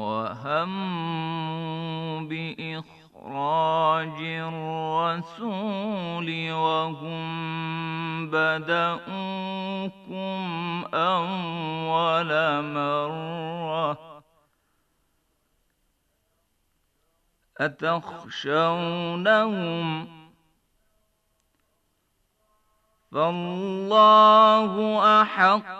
وهموا بإخراج الرسول وهم بدؤوكم أول مرة أتخشونهم ؟ فالله أحق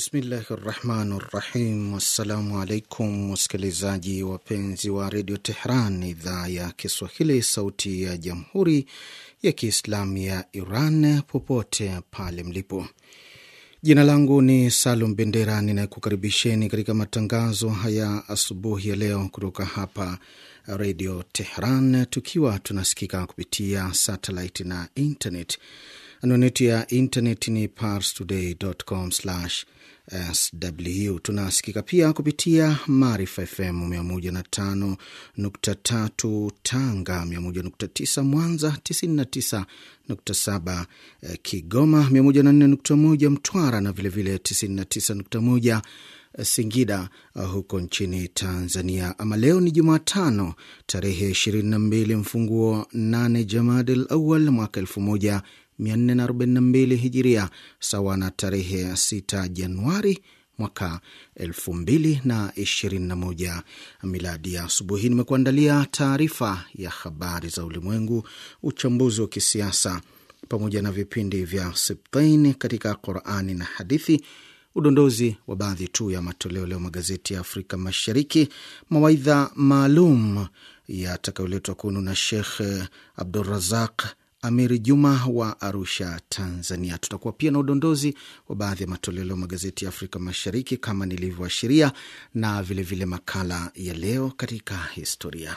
Bismillahi rahmani rahim. Wassalamu alaikum wasikilizaji wapenzi wa redio Tehran, idhaa ya Kiswahili, sauti ya jamhuri ya Kiislamu ya Iran, popote pale mlipo. Jina langu ni Salum Bendera, ninayekukaribisheni katika matangazo haya asubuhi ya leo kutoka hapa redio Tehran, tukiwa tunasikika kupitia satellite na internet. Anwani yetu ya internet ni parstoday.com slash SW. Tunasikika pia kupitia Maarifa FM 105.3 Tanga, 101.9 Mwanza, 99.7 eh, Kigoma, 104.1 Mtwara na vilevile 99.1 eh, Singida eh, huko nchini Tanzania. Ama leo ni Jumatano tarehe 22 mfunguo 8 Jamadil Awal mwaka elfu moja 442 hijiria sawa na tarehe 6 Januari mwaka 2021 miladi. Ya asubuhi nimekuandalia taarifa ya habari za ulimwengu, uchambuzi wa kisiasa, pamoja na vipindi vya siptain katika Qurani na hadithi, udondozi wa baadhi tu ya matoleo leo magazeti ya Afrika Mashariki, mawaidha maalum yatakayoletwa kwenu na Shekh Abdurazaq Amiri Juma wa Arusha, Tanzania. Tutakuwa pia na udondozi wa baadhi ya matoleo ya magazeti ya Afrika Mashariki kama nilivyoashiria, na vilevile vile makala ya leo katika historia.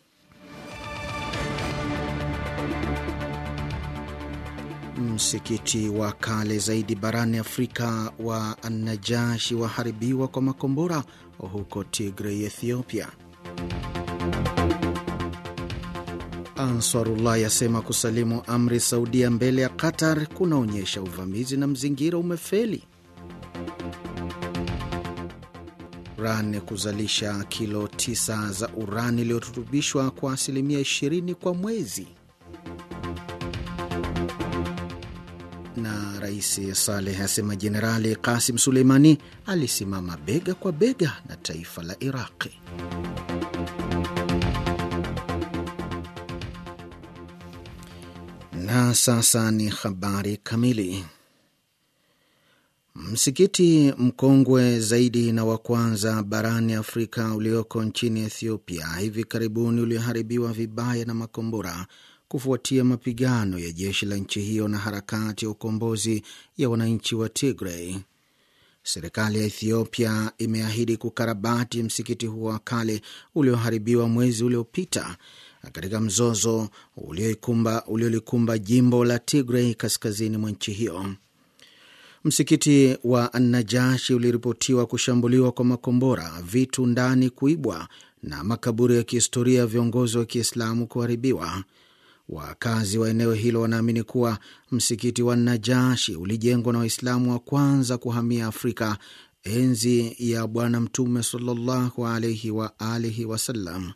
Msikiti wa kale zaidi barani Afrika wa najashi waharibiwa kwa makombora huko Tigray, Ethiopia. Ansarullah yasema kusalimu amri Saudia mbele ya Qatar kunaonyesha uvamizi na mzingira umefeli. Iran kuzalisha kilo 9 za urani iliyorutubishwa kwa asilimia 20 kwa mwezi. Rais Saleh asema Jenerali Kasim Suleimani alisimama bega kwa bega na taifa la Iraqi. Na sasa ni habari kamili. Msikiti mkongwe zaidi na wa kwanza barani Afrika ulioko nchini Ethiopia hivi karibuni ulioharibiwa vibaya na makombora kufuatia mapigano ya jeshi la nchi hiyo na harakati ya ukombozi ya wananchi wa Tigray. Serikali ya Ethiopia imeahidi kukarabati msikiti huo wa kale ulioharibiwa mwezi uliopita katika mzozo uliolikumba uliolikumba jimbo la Tigray kaskazini mwa nchi hiyo. Msikiti wa Annajashi uliripotiwa kushambuliwa kwa makombora, vitu ndani kuibwa na makaburi ya kihistoria ya viongozi wa Kiislamu kuharibiwa. Wakazi wa eneo hilo wanaamini kuwa msikiti wa Najashi ulijengwa na Waislamu wa kwanza kuhamia Afrika enzi ya Bwana Mtume sallallahu alaihi wa alihi wasallam.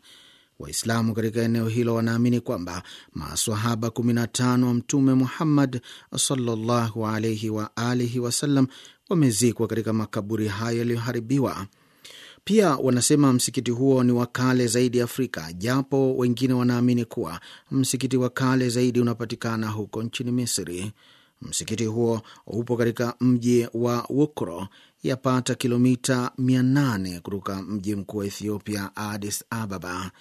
Waislamu katika eneo hilo wanaamini kwamba maswahaba 15 wa Mtume Muhammad sallallahu alaihi wa alihi wasallam wamezikwa katika makaburi hayo yaliyoharibiwa. Pia wanasema msikiti huo ni wa kale zaidi Afrika, japo wengine wanaamini kuwa msikiti wa kale zaidi unapatikana huko nchini Misri. Msikiti huo upo katika mji wa Wukro, yapata kilomita 800 kutoka mji mkuu wa Ethiopia, Addis Ababa.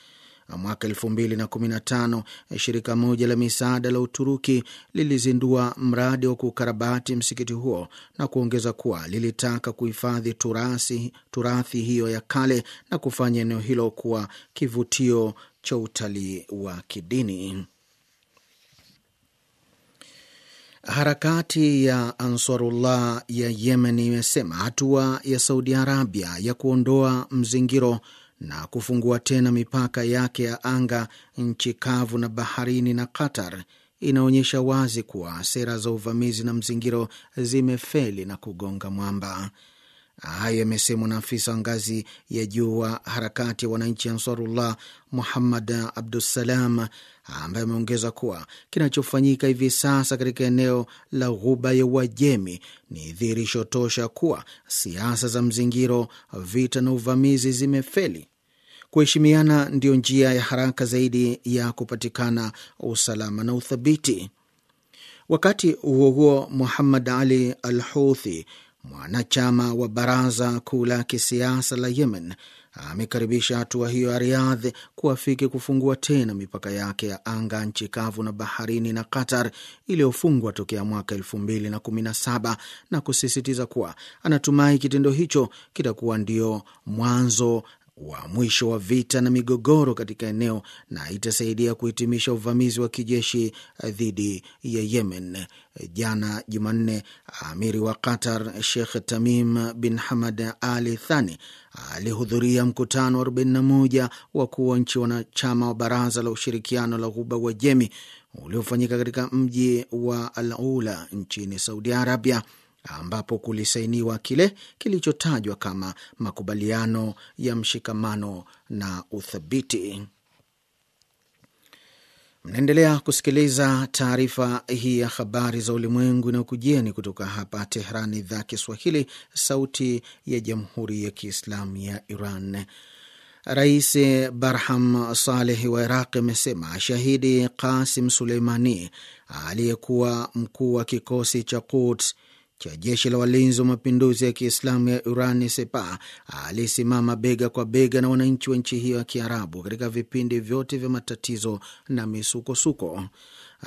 Mwaka elfu mbili na kumi na tano shirika moja la misaada la Uturuki lilizindua mradi wa kukarabati msikiti huo na kuongeza kuwa lilitaka kuhifadhi turasi, turathi hiyo ya kale na kufanya eneo hilo kuwa kivutio cha utalii wa kidini. Harakati ya Ansarullah ya Yemen imesema hatua ya Saudi Arabia ya kuondoa mzingiro na kufungua tena mipaka yake ya anga nchi kavu na baharini na Qatar inaonyesha wazi kuwa sera za uvamizi na mzingiro zimefeli na kugonga mwamba. Hayo yamesemwa na afisa wa ngazi ya juu wa harakati ya wananchi Ansarullah Muhammad abdusalam ambaye ameongeza kuwa kinachofanyika hivi sasa katika eneo la Ghuba ya Uajemi ni dhihirisho tosha kuwa siasa za mzingiro, vita na uvamizi zimefeli. Kuheshimiana ndiyo njia ya haraka zaidi ya kupatikana usalama na uthabiti. Wakati huo huo, Muhammad Ali Al huthi mwanachama wa baraza kuu la kisiasa la Yemen, amekaribisha hatua hiyo ya Riyadh kuafiki kufungua tena mipaka yake ya anga, nchi kavu na baharini na Qatar iliyofungwa tokea mwaka elfu mbili na kumi na saba na kusisitiza kuwa anatumai kitendo hicho kitakuwa ndio mwanzo wa mwisho wa vita na migogoro katika eneo na itasaidia kuhitimisha uvamizi wa kijeshi dhidi ya Yemen. Jana Jumanne, amiri wa Qatar Sheikh Tamim bin Hamad Ali Thani alihudhuria mkutano wa 41 wakuu wa nchi wanachama wa Baraza la Ushirikiano la Ghuba jemi uliofanyika katika mji wa Al Ula nchini Saudi Arabia ambapo kulisainiwa kile kilichotajwa kama makubaliano ya mshikamano na uthabiti. Mnaendelea kusikiliza taarifa hii ya habari za ulimwengu inayokujieni kutoka hapa Tehran, idhaa Kiswahili, sauti ya jamhuri ya kiislamu ya Iran. Rais Barham Saleh wa Iraq amesema shahidi Qasim Suleimani aliyekuwa mkuu wa kikosi cha Quds cha jeshi la walinzi wa mapinduzi ya Kiislamu ya Iran sepa alisimama bega kwa bega na wananchi wa nchi hiyo ya Kiarabu katika vipindi vyote vya matatizo na misukosuko.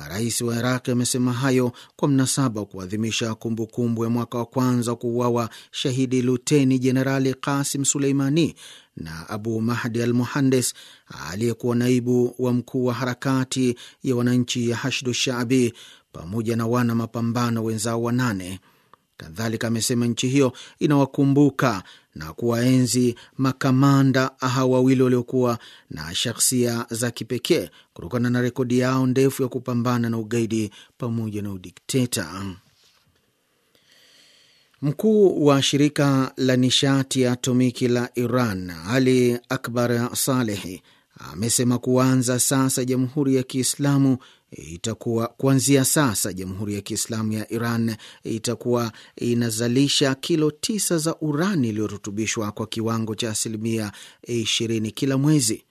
Rais wa Iraq amesema hayo kwa mnasaba wa kuadhimisha kumbukumbu ya mwaka wa kwanza kuuawa shahidi luteni jenerali Qasim Suleimani na Abu Mahdi al Muhandes aliyekuwa naibu wa mkuu wa harakati ya wananchi ya Hashdu Shaabi pamoja na wana mapambano wenzao wanane. Kadhalika amesema nchi hiyo inawakumbuka na kuwaenzi makamanda aha wawili waliokuwa na shakhsia za kipekee kutokana na rekodi yao ndefu ya kupambana na ugaidi pamoja na udikteta. Mkuu wa shirika la nishati ya atomiki la Iran Ali Akbar Salehi amesema kuanza sasa Jamhuri ya Kiislamu itakuwa kuanzia sasa, Jamhuri ya Kiislamu ya Iran itakuwa inazalisha kilo tisa za urani iliyorutubishwa kwa kiwango cha asilimia ishirini kila mwezi.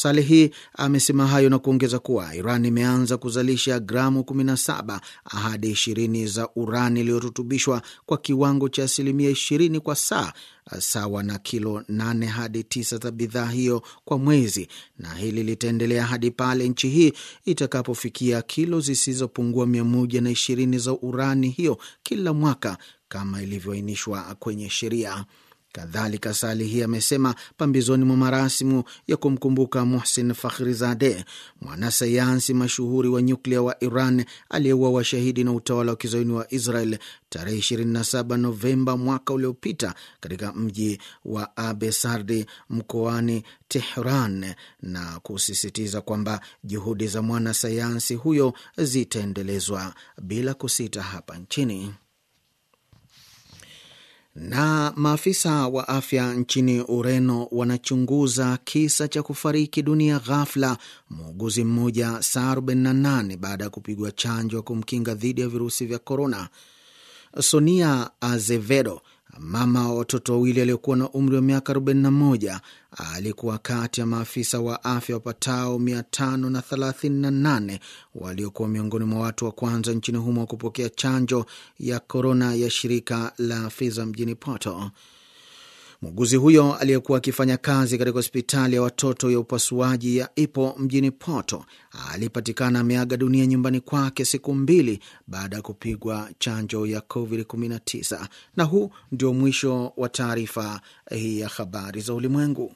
Salehi amesema hayo na kuongeza kuwa Iran imeanza kuzalisha gramu 17 hadi 20 za urani iliyorutubishwa kwa kiwango cha asilimia 20 kwa saa, sawa na kilo 8 hadi 9 za bidhaa hiyo kwa mwezi, na hili litaendelea hadi pale nchi hii itakapofikia kilo zisizopungua 120 za urani hiyo kila mwaka kama ilivyoainishwa kwenye sheria. Kadhalika, Salihi amesema pambizoni mwa marasimu ya kumkumbuka Muhsin Fakhrizade, mwanasayansi mashuhuri wa nyuklia wa Iran aliyeuwa washahidi na utawala wa kizoini wa Israel tarehe 27 Novemba mwaka uliopita katika mji wa Abesardi mkoani Tehran, na kusisitiza kwamba juhudi za mwanasayansi huyo zitaendelezwa bila kusita hapa nchini. Na maafisa wa afya nchini Ureno wanachunguza kisa cha kufariki dunia ghafla muuguzi mmoja saa 48 baada ya kupigwa chanjo ya kumkinga dhidi ya virusi vya korona. Sonia Azevedo Mama wa watoto wawili aliokuwa na umri wa miaka 41 alikuwa kati ya maafisa wa afya wapatao 538 waliokuwa miongoni mwa watu wa kwanza nchini humo kupokea chanjo ya korona ya shirika la Pfizer mjini Porto. Muuguzi huyo aliyekuwa akifanya kazi katika hospitali ya watoto ya upasuaji ya Ipo mjini Porto alipatikana ameaga dunia nyumbani kwake siku mbili baada ya kupigwa chanjo ya COVID-19. Na huu ndio mwisho wa taarifa hii ya habari za ulimwengu.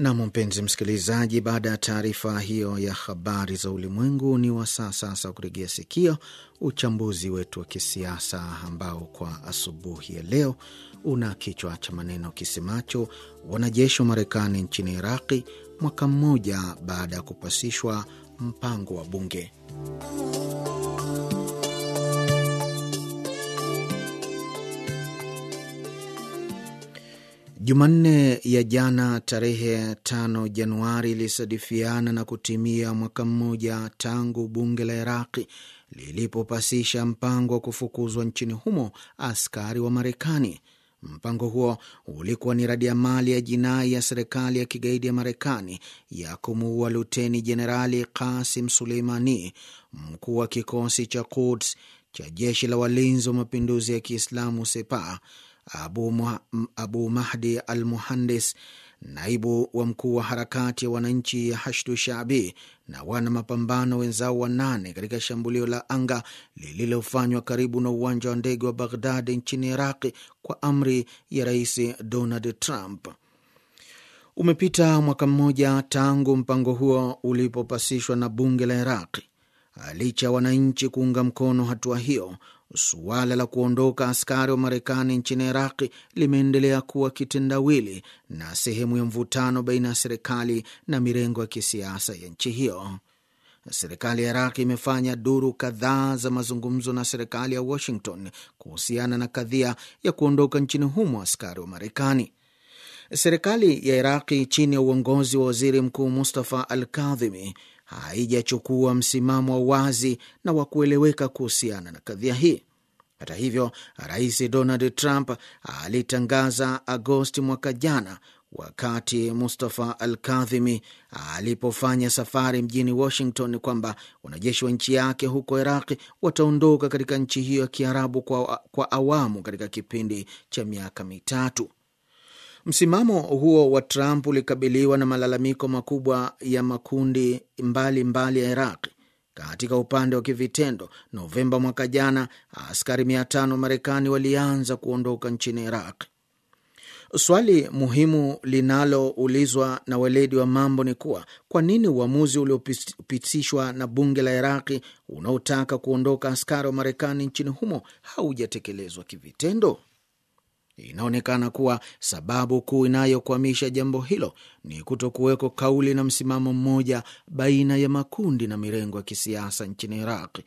Nam, mpenzi msikilizaji, baada ya taarifa hiyo ya habari za ulimwengu, ni wasaa sasa wa kuregea sikio uchambuzi wetu wa kisiasa ambao kwa asubuhi ya leo una kichwa cha maneno kisemacho wanajeshi wa Marekani nchini Iraqi mwaka mmoja baada ya kupasishwa mpango wa bunge Jumanne ya jana tarehe 5 Januari ilisadifiana na kutimia mwaka mmoja tangu bunge la Iraqi lilipopasisha mpango wa kufukuzwa nchini humo askari wa Marekani. Mpango huo ulikuwa ni mali ya jinai ya serikali ya kigaidi ya Marekani ya kumuua luteni jenerali Kasim Suleimani, mkuu wa kikosi cha Quds cha jeshi la walinzi wa mapinduzi ya Kiislamu Sepah Abu, Abu Mahdi al Muhandis, naibu wa mkuu wa harakati ya wananchi ya Hashdu Shaabi na wana mapambano wenzao wanane katika shambulio la anga lililofanywa karibu na uwanja wa ndege wa Baghdadi nchini Iraqi kwa amri ya Rais Donald Trump. Umepita mwaka mmoja tangu mpango huo ulipopasishwa na bunge la Iraqi. Licha ya wananchi kuunga mkono hatua hiyo, suala la kuondoka askari wa Marekani nchini Iraqi limeendelea kuwa kitendawili na sehemu ya mvutano baina ya serikali na mirengo ya kisiasa ya nchi hiyo. Serikali ya iraqi imefanya duru kadhaa za mazungumzo na serikali ya Washington kuhusiana na kadhia ya kuondoka nchini humo askari wa Marekani. Serikali ya Iraqi chini ya uongozi wa waziri mkuu Mustafa Al Kadhimi haijachukua msimamo wa wazi na wa kueleweka kuhusiana na kadhia hii. Hata hivyo, Rais Donald Trump alitangaza Agosti mwaka jana wakati Mustafa Al Kadhimi alipofanya safari mjini Washington kwamba wanajeshi wa nchi yake huko Iraqi wataondoka katika nchi hiyo ya Kiarabu kwa, kwa awamu katika kipindi cha miaka mitatu. Msimamo huo wa Trump ulikabiliwa na malalamiko makubwa ya makundi mbalimbali mbali ya Iraqi. Katika upande wa kivitendo, Novemba mwaka jana, askari mia tano wa Marekani walianza kuondoka nchini Iraq. Swali muhimu linaloulizwa na weledi wa mambo ni kuwa kwa nini uamuzi uliopitishwa na bunge la Iraqi unaotaka kuondoka askari wa Marekani nchini humo haujatekelezwa kivitendo? inaonekana kuwa sababu kuu inayokwamisha jambo hilo ni kutokuweko kauli na msimamo mmoja baina ya makundi na mirengo ya kisiasa nchini Iraq.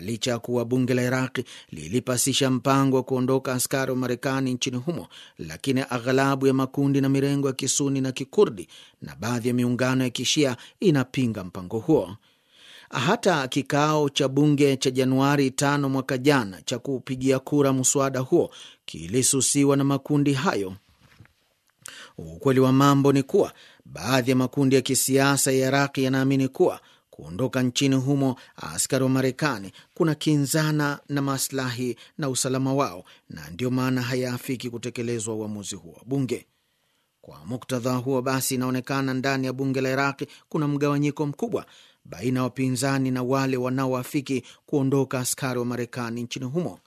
Licha ya kuwa bunge la Iraqi lilipasisha mpango wa kuondoka askari wa Marekani nchini humo, lakini aghalabu ya makundi na mirengo ya kisuni na kikurdi na baadhi ya miungano ya kishia inapinga mpango huo. Hata kikao cha bunge cha Januari tano mwaka jana cha kupigia kura mswada huo kilisusiwa na makundi hayo. Ukweli wa mambo ni kuwa baadhi ya makundi ya kisiasa ya Iraqi yanaamini kuwa kuondoka nchini humo askari wa Marekani kuna kinzana na maslahi na usalama wao, na ndiyo maana hayaafiki kutekelezwa uamuzi huo wa bunge. Kwa muktadha huo basi, inaonekana ndani ya bunge la Iraqi kuna mgawanyiko mkubwa baina ya wapinzani na wale wanaoafiki kuondoka askari wa Marekani nchini humo.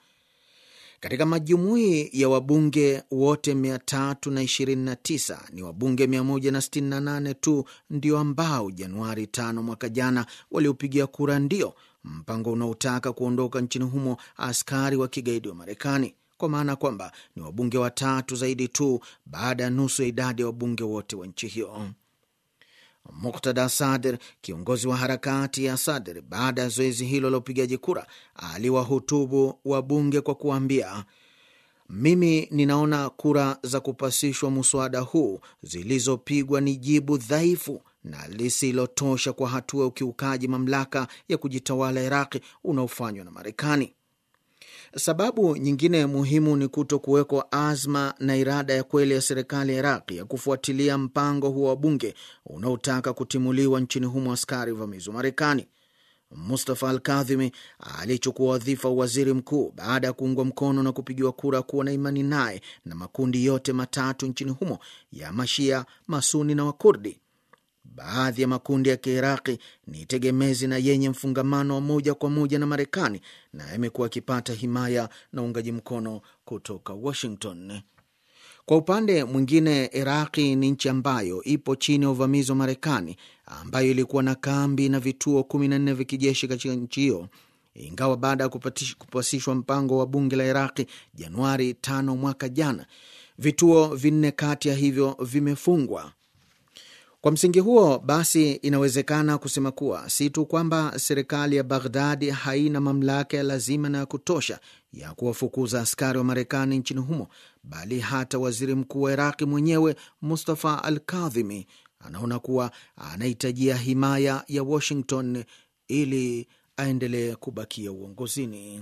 Katika majumui ya wabunge wote 329 ni wabunge 168 tu ndio ambao Januari 5 mwaka jana waliopigia kura ndio mpango unaotaka kuondoka nchini humo askari wa kigaidi wa Marekani, kwa maana kwamba ni wabunge watatu zaidi tu baada ya nusu ya idadi ya wabunge wote wa nchi hiyo. Muktada sadr kiongozi wa harakati ya sadr baada ya zoezi hilo la upigaji kura, aliwahutubu wabunge kwa kuwaambia mimi ninaona kura za kupasishwa muswada huu zilizopigwa ni jibu dhaifu na lisilotosha kwa hatua ya ukiukaji mamlaka ya kujitawala Iraqi unaofanywa na Marekani. Sababu nyingine muhimu ni kuto kuwekwa azma na irada ya kweli ya serikali ya Iraqi ya kufuatilia mpango huo wa bunge unaotaka kutimuliwa nchini humo askari uvamizi wa Marekani. Mustafa Al Kadhimi alichukua wadhifa wa waziri mkuu baada ya kuungwa mkono na kupigiwa kura kuwa na imani naye na makundi yote matatu nchini humo ya Mashia, Masuni na Wakurdi baadhi ya makundi ya Kiiraqi ni tegemezi na yenye mfungamano wa moja kwa moja na Marekani na yamekuwa akipata himaya na uungaji mkono kutoka Washington. Kwa upande mwingine, Iraqi ni nchi ambayo ipo chini ya uvamizi wa Marekani, ambayo ilikuwa na kambi na vituo kumi na nne vya kijeshi katika nchi hiyo, ingawa baada ya kupasishwa mpango wa bunge la Iraqi Januari tano mwaka jana, vituo vinne kati ya hivyo vimefungwa. Kwa msingi huo basi, inawezekana kusema kuwa si tu kwamba serikali ya Baghdadi haina mamlaka ya lazima na ya kutosha ya kuwafukuza askari wa Marekani nchini humo, bali hata waziri mkuu wa Iraqi mwenyewe Mustafa al Kadhimi anaona kuwa anahitajia himaya ya Washington ili aendelee kubakia uongozini.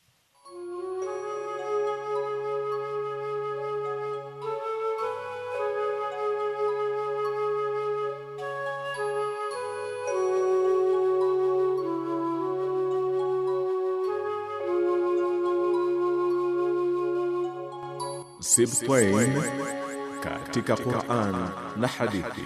Sibtain katika Qur'an na hadithi.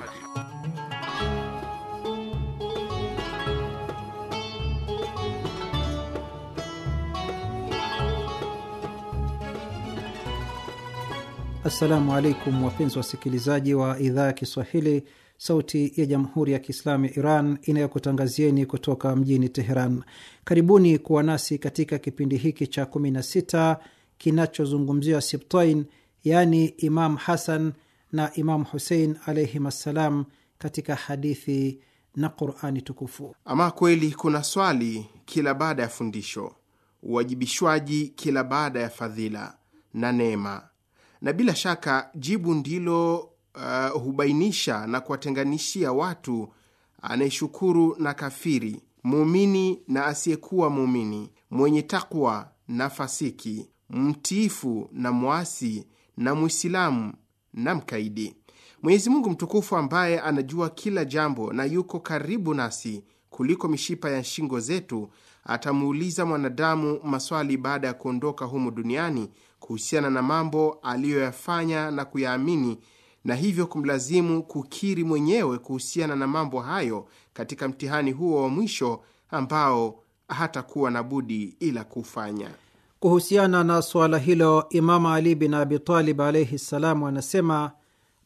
Assalamu alaikum wapenzi wasikilizaji wa idhaa ya Kiswahili, sauti ya jamhuri ya kiislamu ya Iran inayokutangazieni kutoka mjini Teheran. Karibuni kuwa nasi katika kipindi hiki cha 16 kinachozungumziwa Sibtain, yani Imam Hasan na Imam Husein alaihim assalam katika hadithi na Qurani tukufu. Ama kweli kuna swali kila baada ya fundisho, uwajibishwaji kila baada ya fadhila na neema, na bila shaka jibu ndilo uh, hubainisha na kuwatenganishia watu anayeshukuru na kafiri, muumini na asiyekuwa muumini, mwenye takwa na fasiki, mtiifu na mwasi na mwislamu na mkaidi. Mwenyezi Mungu mtukufu ambaye anajua kila jambo na yuko karibu nasi kuliko mishipa ya shingo zetu, atamuuliza mwanadamu maswali baada ya kuondoka humu duniani kuhusiana na mambo aliyoyafanya na kuyaamini, na hivyo kumlazimu kukiri mwenyewe kuhusiana na mambo hayo katika mtihani huo wa mwisho ambao hatakuwa na budi ila kufanya. Kuhusiana na suala hilo, Imamu Ali bin Abitalib alaihi ssalam anasema,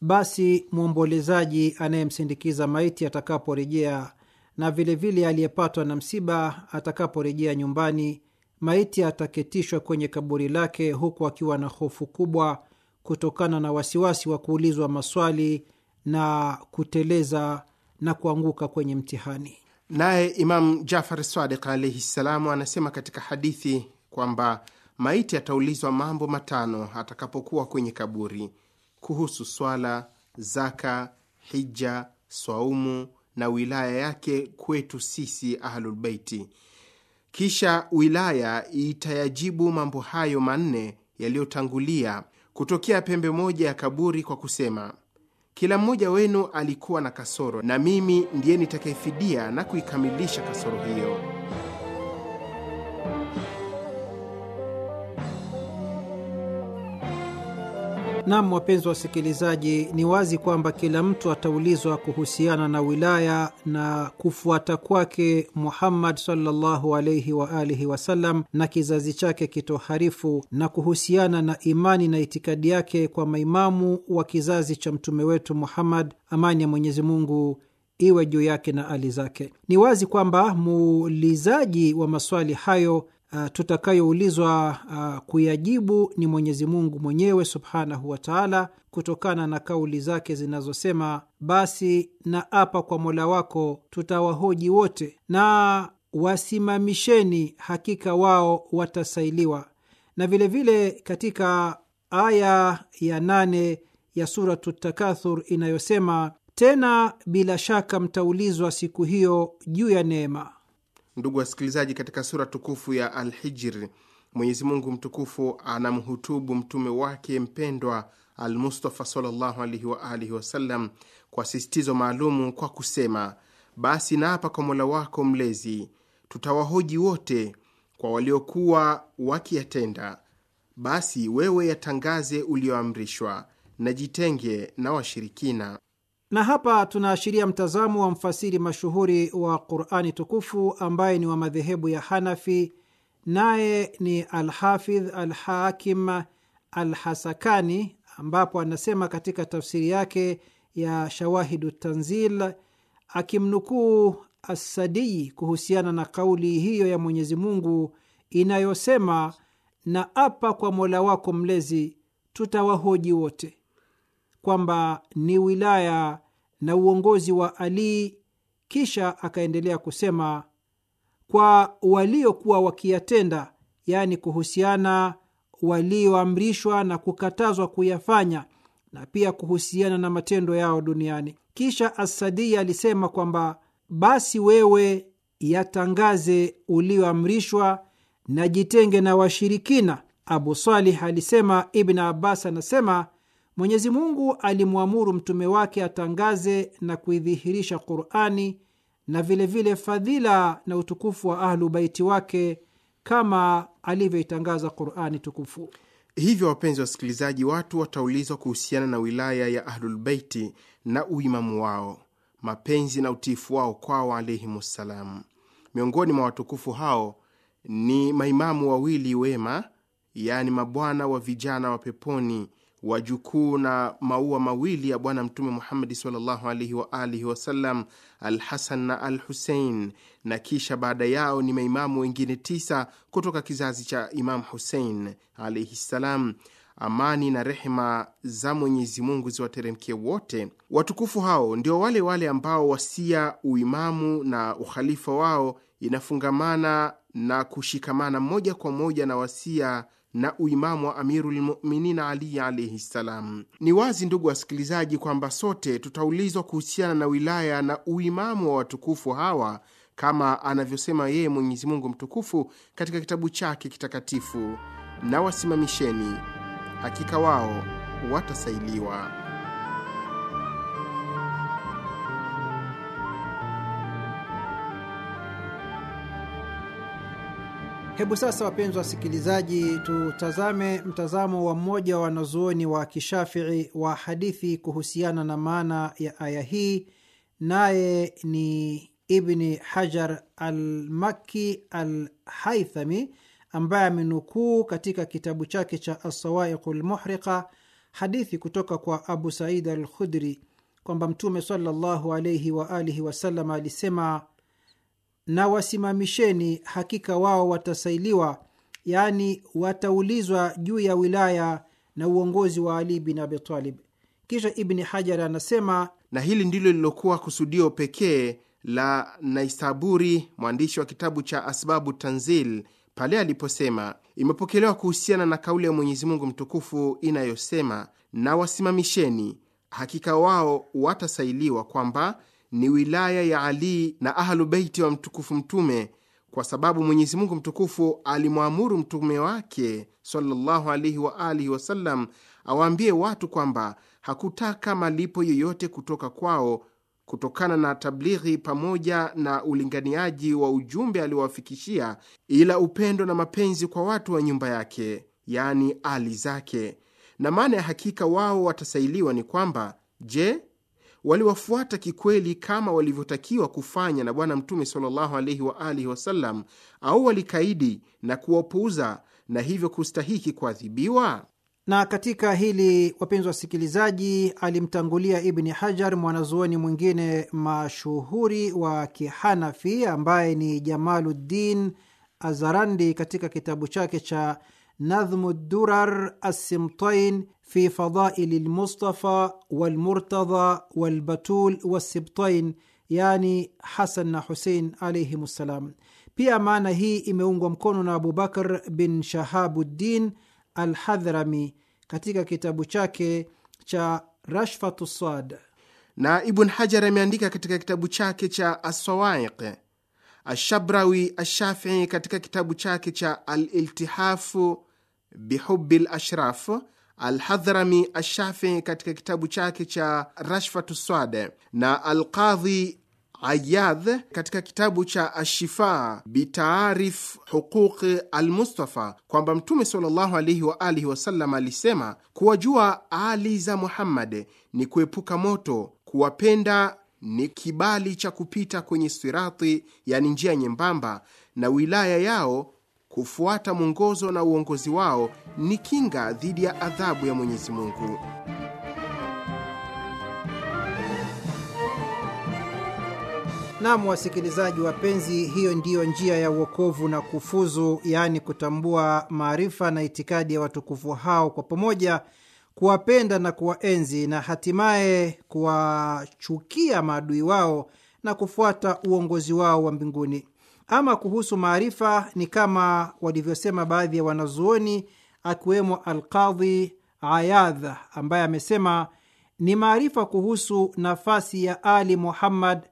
basi mwombolezaji anayemsindikiza maiti atakaporejea na vilevile aliyepatwa na msiba atakaporejea nyumbani, maiti ataketishwa kwenye kaburi lake huku akiwa na hofu kubwa kutokana na wasiwasi wa kuulizwa maswali na kuteleza na kuanguka kwenye mtihani. Naye Imamu Jafar Sadiq alaihi ssalamu anasema katika hadithi kwamba maiti ataulizwa mambo matano atakapokuwa kwenye kaburi kuhusu swala, zaka, hija, swaumu na wilaya yake kwetu sisi Ahlulbeiti. Kisha wilaya itayajibu mambo hayo manne yaliyotangulia kutokea pembe moja ya kaburi kwa kusema, kila mmoja wenu alikuwa na kasoro na mimi ndiye nitakayefidia na kuikamilisha kasoro hiyo. Nam, wapenzi wa wasikilizaji, ni wazi kwamba kila mtu ataulizwa kuhusiana na wilaya na kufuata kwake Muhammad sallallahu alaihi wa alihi wasallam na kizazi chake kitoharifu na kuhusiana na imani na itikadi yake kwa maimamu wa kizazi cha mtume wetu Muhammad, amani ya Mwenyezi Mungu iwe juu yake na ali zake. Ni wazi kwamba muulizaji wa maswali hayo uh, tutakayoulizwa uh, kuyajibu ni Mwenyezi Mungu mwenyewe subhanahu wa taala, kutokana na kauli zake zinazosema, basi na apa kwa Mola wako tutawahoji wote, na wasimamisheni, hakika wao watasailiwa. Na vilevile vile katika aya ya nane ya Suratu Takathur inayosema, tena bila shaka mtaulizwa siku hiyo juu ya neema Ndugu wasikilizaji, katika sura tukufu ya Alhijri, Mwenyezi Mungu mtukufu anamhutubu mtume wake mpendwa Almustafa sallallahu alaihi wa alihi wasallam kwa sisitizo maalumu kwa kusema, basi naapa kwa Mola wako Mlezi, tutawahoji wote kwa waliokuwa wakiyatenda, basi wewe yatangaze ulioamrishwa na jitenge na washirikina. Na hapa tunaashiria mtazamo wa mfasiri mashuhuri wa Qurani tukufu ambaye ni wa madhehebu ya Hanafi, naye ni Alhafidh Alhakim Alhasakani, ambapo anasema katika tafsiri yake ya Shawahidu Tanzil akimnukuu Assadii kuhusiana na kauli hiyo ya Mwenyezi Mungu inayosema, na apa kwa Mola wako Mlezi, tutawahoji wote kwamba ni wilaya na uongozi wa Ali. Kisha akaendelea kusema, kwa waliokuwa wakiyatenda, yaani kuhusiana walioamrishwa na kukatazwa kuyafanya, na pia kuhusiana na matendo yao duniani. Kisha Asadia alisema kwamba basi wewe yatangaze ulioamrishwa na jitenge na washirikina. Abu Salih alisema, Ibn Abbas anasema Mwenyezi Mungu alimwamuru mtume wake atangaze na kuidhihirisha Qurani na vilevile vile fadhila na utukufu wa Ahlu Baiti wake kama alivyoitangaza Qurani tukufu. Hivyo wapenzi wasikilizaji, watu wataulizwa kuhusiana na wilaya ya Ahlulbeiti na uimamu wao, mapenzi na utiifu wao kwao alaihimussalam. Miongoni mwa watukufu hao ni maimamu wawili wema, yaani mabwana wa vijana wa peponi wajukuu na maua mawili ya Bwana Mtume Muhammadi sallallahu alaihi wa alihi wasallam, Al Hasan na Al Husein, na kisha baada yao ni maimamu wengine tisa kutoka kizazi cha Imamu Husein alaihi ssalam. Amani na rehema za Mwenyezi Mungu ziwateremkie wote. Watukufu hao ndio wale wale ambao wasia, uimamu na ukhalifa wao inafungamana na kushikamana moja kwa moja na wasia na uimamu wa Amirul Muminin Ali alaihi ssalam. Ni wazi ndugu wasikilizaji, kwamba sote tutaulizwa kuhusiana na wilaya na uimamu wa watukufu hawa kama anavyosema yeye Mwenyezi Mungu mtukufu katika kitabu chake kitakatifu: na wasimamisheni, hakika wao watasailiwa. Hebu sasa, wapenzi wasikilizaji, tutazame mtazamo wa mmoja wa wanazuoni wa kishafii wa hadithi kuhusiana na maana ya aya hii, naye ni Ibni Hajar al al Haithami, ambaye amenukuu katika kitabu chake cha Assawaiqu Lmuhriqa hadithi kutoka kwa Abu Said Alkhudri kwamba Mtume sallallahu alaihi waalihi wasallam alisema na wasimamisheni, hakika wao watasailiwa, yaani wataulizwa juu ya wilaya na uongozi wa Ali bin Abi Talib. Kisha Ibni Hajar anasema, na hili ndilo lilokuwa kusudio pekee la Naisaburi, mwandishi wa kitabu cha Asbabu Tanzil, pale aliposema, imepokelewa kuhusiana na kauli ya Mwenyezi Mungu mtukufu inayosema, na wasimamisheni, hakika wao watasailiwa, kwamba ni wilaya ya Ali na ahlu beiti wa mtukufu Mtume, kwa sababu Mwenyezi Mungu mtukufu alimwamuru mtume wake sallallahu wa alihi wasallam awaambie watu kwamba hakutaka malipo yoyote kutoka kwao kutokana na tablighi pamoja na ulinganiaji wa ujumbe aliowafikishia, ila upendo na mapenzi kwa watu wa nyumba yake, yani ali zake. Na maana ya hakika wao watasailiwa ni kwamba, je, waliwafuata kikweli kama walivyotakiwa kufanya na Bwana Mtume sallallahu alaihi wa alihi wasallam, au walikaidi na kuwapuuza na hivyo kustahiki kuadhibiwa? Na katika hili wapenzi wasikilizaji, alimtangulia Ibni Hajar mwanazuoni mwingine mashuhuri wa Kihanafi ambaye ni Jamaluddin Azarandi katika kitabu chake cha Nadhmu Durar Assimtain fi Fadhaili Lmustafa Walmurtadha Walbatul Wassibtain, yani Hasan na Husein alaihim ssalam. Pia maana hii imeungwa mkono na Abubakar bin Shahabuddin Alhadhrami katika kitabu chake cha Rashfatu Swad, na Ibn Hajar ameandika katika kitabu chake cha Assawaiq, Ashabrawi Ashafii katika kitabu chake cha Aliltihafu bihubi lashraf Alhadhrami Ashafi katika kitabu chake cha Rashfatu Swade na Alqadhi Ayadh katika kitabu cha Ashifa Bitaarif Huquqi Almustafa kwamba Mtume sallallahu alaihi wa alihi wasallam alisema, kuwajua Ali za Muhammad ni kuepuka moto, kuwapenda ni kibali cha kupita kwenye sirati, yani njia nyembamba, na wilaya yao kufuata mwongozo na uongozi wao ni kinga dhidi ya adhabu ya Mwenyezi Mungu. Nam, wasikilizaji wapenzi, hiyo ndiyo njia ya uokovu na kufuzu, yaani kutambua maarifa na itikadi ya watukufu hao kwa pamoja, kuwapenda na kuwaenzi, na hatimaye kuwachukia maadui wao na kufuata uongozi wao wa mbinguni. Ama kuhusu maarifa, ni kama walivyosema baadhi ya wanazuoni akiwemo Alqadhi Ayadh ambaye amesema ni maarifa kuhusu nafasi ya Ali Muhammad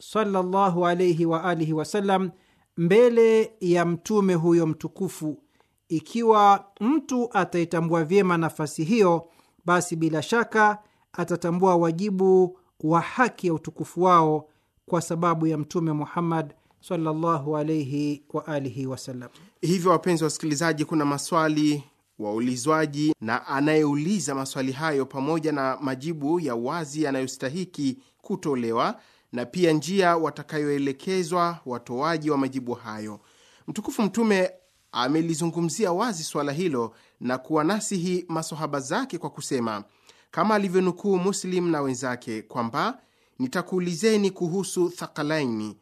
sallallahu alayhi wa alihi wasallam mbele ya mtume huyo mtukufu. Ikiwa mtu ataitambua vyema nafasi hiyo, basi bila shaka atatambua wajibu wa haki ya utukufu wao kwa sababu ya Mtume Muhammad sallallahu wapenzi wa alihi wasallam. Hivyo wapenzi wasikilizaji, kuna maswali waulizwaji na anayeuliza maswali hayo pamoja na majibu ya wazi yanayostahiki kutolewa na pia njia watakayoelekezwa watoaji wa majibu hayo. Mtukufu Mtume amelizungumzia wazi swala hilo na kuwanasihi masohaba zake kwa kusema, kama alivyonukuu Muslim na wenzake kwamba nitakuulizeni kuhusu thakalaini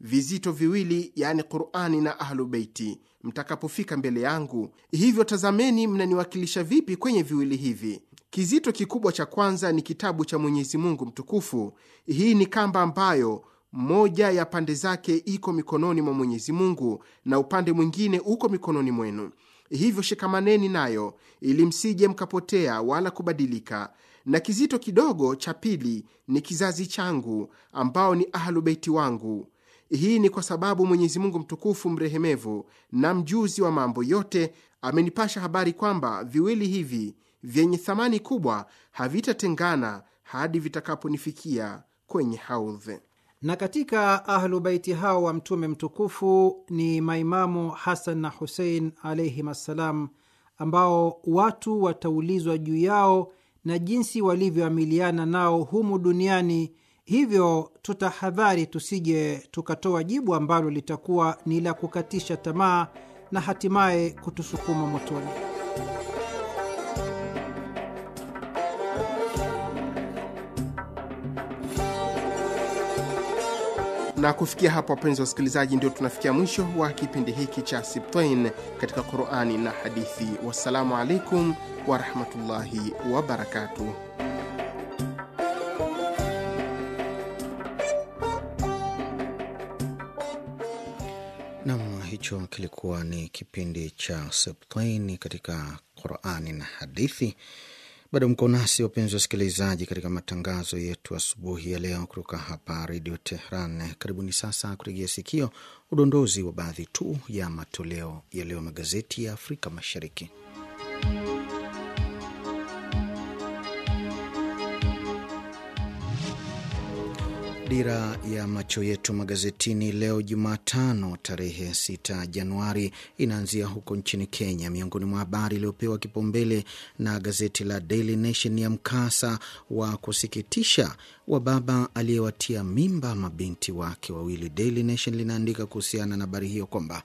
vizito viwili, yani Qurani na Ahlubeiti, mtakapofika mbele yangu. Hivyo tazameni mnaniwakilisha vipi kwenye viwili hivi. Kizito kikubwa cha kwanza ni kitabu cha Mwenyezi Mungu Mtukufu. Hii ni kamba ambayo moja ya pande zake iko mikononi mwa Mwenyezi Mungu na upande mwingine uko mikononi mwenu. Hivyo shikamaneni nayo ili msije mkapotea wala kubadilika. Na kizito kidogo cha pili ni kizazi changu, ambao ni ahlubeiti wangu hii ni kwa sababu Mwenyezi Mungu mtukufu mrehemevu na mjuzi wa mambo yote amenipasha habari kwamba viwili hivi vyenye thamani kubwa havitatengana hadi vitakaponifikia kwenye haudh. Na katika Ahlubaiti hao wa Mtume mtukufu ni maimamu Hasan na Husein alaihim assalam, ambao watu wataulizwa juu yao na jinsi walivyoamiliana nao humu duniani Hivyo tutahadhari tusije tukatoa jibu ambalo litakuwa ni la kukatisha tamaa na hatimaye kutusukuma motoni. Na kufikia hapa, wapenzi wa wasikilizaji, ndio tunafikia mwisho wa kipindi hiki cha Sibtain katika Qurani na Hadithi. Wassalamu alaikum warahmatullahi wabarakatuh. hicho kilikuwa ni kipindi cha Septain katika Qurani na Hadithi. Bado mko nasi wapenzi wasikilizaji, katika matangazo yetu asubuhi ya leo kutoka hapa Redio Tehran. Karibuni sasa kuregea sikio udondozi wa baadhi tu ya matoleo ya leo magazeti ya Afrika Mashariki. Dira ya macho yetu magazetini leo Jumatano tarehe 6 Januari inaanzia huko nchini Kenya. Miongoni mwa habari iliyopewa kipaumbele na gazeti la Daily Nation ya mkasa wa kusikitisha wa baba aliyewatia mimba mabinti wake wawili. Daily Nation linaandika kuhusiana na habari hiyo kwamba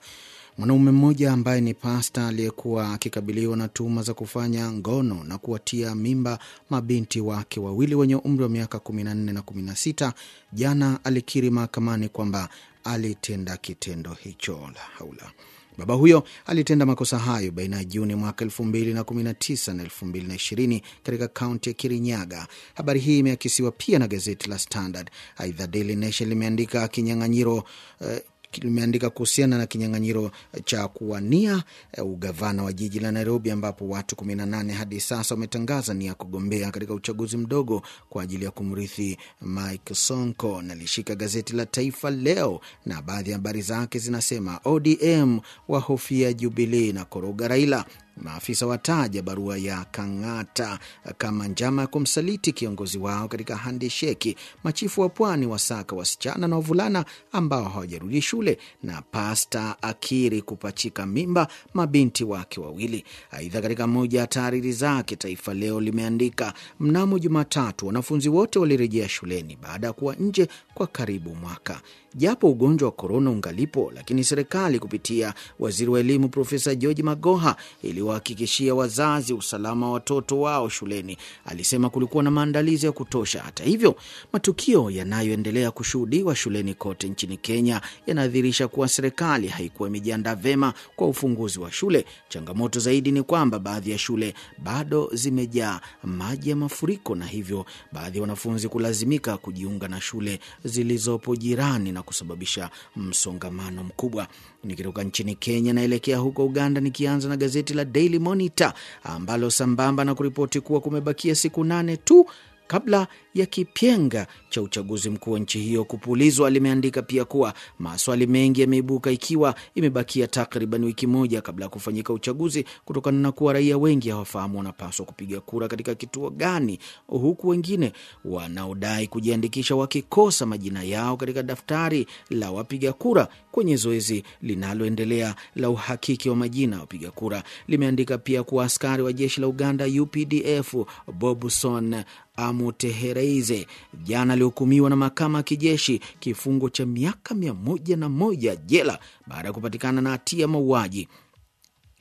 Mwanaume mmoja ambaye ni pasta aliyekuwa akikabiliwa na tuhuma za kufanya ngono na kuwatia mimba mabinti wake wawili wenye umri wa miaka 14 na 16, jana alikiri mahakamani kwamba alitenda kitendo hicho. La haula! Baba huyo alitenda makosa hayo baina ya Juni mwaka 2019 na 2020 katika kaunti ya Kirinyaga. Habari hii imeakisiwa pia na gazeti la Standard. Aidha, Daily Nation limeandika kinyang'anyiro eh, limeandika kuhusiana na kinyang'anyiro cha kuwania eh, ugavana wa jiji la Nairobi, ambapo watu 18 hadi sasa wametangaza nia ya kugombea katika uchaguzi mdogo kwa ajili ya kumrithi Mike Sonko. Nalishika gazeti la Taifa Leo na baadhi ya habari zake zinasema ODM wahofia Jubilii na koroga Raila Maafisa wataja barua ya Kang'ata kama njama ya kumsaliti kiongozi wao katika handisheki. Machifu wa pwani wasaka wasichana na wavulana ambao hawajarudi shule, na pasta akiri kupachika mimba mabinti wake wawili. Aidha, katika moja ya taariri zake, Taifa Leo limeandika mnamo Jumatatu wanafunzi wote walirejea shuleni baada ya kuwa nje kwa karibu mwaka. Japo ugonjwa wa korona ungalipo, lakini serikali kupitia waziri wa elimu Profesa George Magoha ili kuliwahakikishia wazazi usalama wa watoto wao shuleni. Alisema kulikuwa na maandalizi ya kutosha. Hata hivyo, matukio yanayoendelea kushuhudiwa shuleni kote nchini Kenya yanadhihirisha kuwa serikali haikuwa imejiandaa vema kwa ufunguzi wa shule. Changamoto zaidi ni kwamba baadhi ya shule bado zimejaa maji ya mafuriko, na hivyo baadhi ya wanafunzi kulazimika kujiunga na shule zilizopo jirani na kusababisha msongamano mkubwa. Nikitoka nchini Kenya naelekea huko Uganda, nikianza na gazeti la Daily Monitor ambalo sambamba na kuripoti kuwa kumebakia siku nane tu kabla ya kipyenga cha uchaguzi mkuu wa nchi hiyo kupulizwa. Limeandika pia kuwa maswali mengi yameibuka ikiwa imebakia takriban wiki moja kabla ya kufanyika uchaguzi, kutokana na kuwa raia wengi hawafahamu wanapaswa kupiga kura katika kituo gani, huku wengine wanaodai kujiandikisha wakikosa majina yao katika daftari la wapiga kura kwenye zoezi linaloendelea la uhakiki wa majina ya wapiga kura. Limeandika pia kuwa askari wa jeshi la Uganda UPDF Bobson Amutehereize jana alihukumiwa na mahakama ya kijeshi kifungo cha miaka mia moja na moja jela baada ya kupatikana na hatia mauaji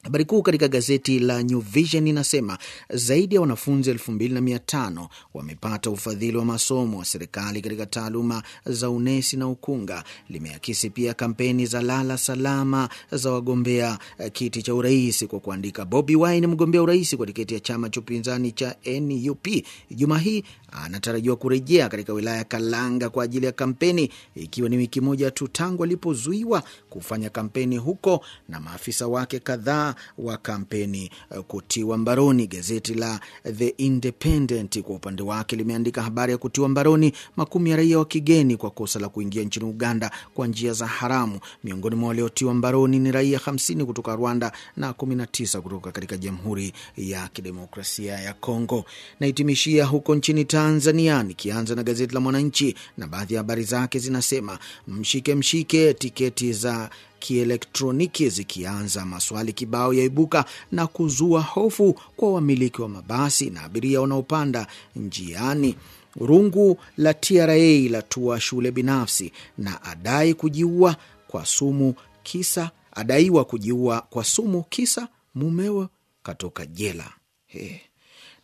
Habari kuu katika gazeti la New Vision inasema zaidi ya wanafunzi elfu mbili na mia tano wamepata ufadhili wa masomo wa serikali katika taaluma za unesi na ukunga. Limeakisi pia kampeni za lala salama za wagombea eh, kiti cha urais kwa kuandika Bobi Wine, mgombea urais kwa tiketi ya chama cha upinzani cha NUP, juma hii anatarajiwa kurejea katika wilaya ya Kalanga kwa ajili ya kampeni, ikiwa ni wiki moja tu tangu alipozuiwa kufanya kampeni huko na maafisa wake kadhaa wa kampeni eh, kutiwa mbaroni. Gazeti la The Independent kwa upande wake limeandika habari ya kutiwa mbaroni makumi ya raia wa kigeni kwa kosa la kuingia nchini Uganda kwa njia za haramu. Miongoni mwa waliotiwa mbaroni ni raia 50 kutoka Rwanda na 19 kutoka katika Jamhuri ya Kidemokrasia ya Kongo. Nahitimishia huko nchini ta Tanzania, nikianza na gazeti la Mwananchi na baadhi ya habari zake zinasema: mshike mshike, tiketi za kielektroniki zikianza, maswali kibao yaibuka na kuzua hofu kwa wamiliki wa mabasi na abiria wanaopanda njiani. Rungu la TRA latua shule binafsi na adai kujiua kwa sumu kisa, adaiwa kujiua kwa sumu kisa mumewe katoka jela. Hey.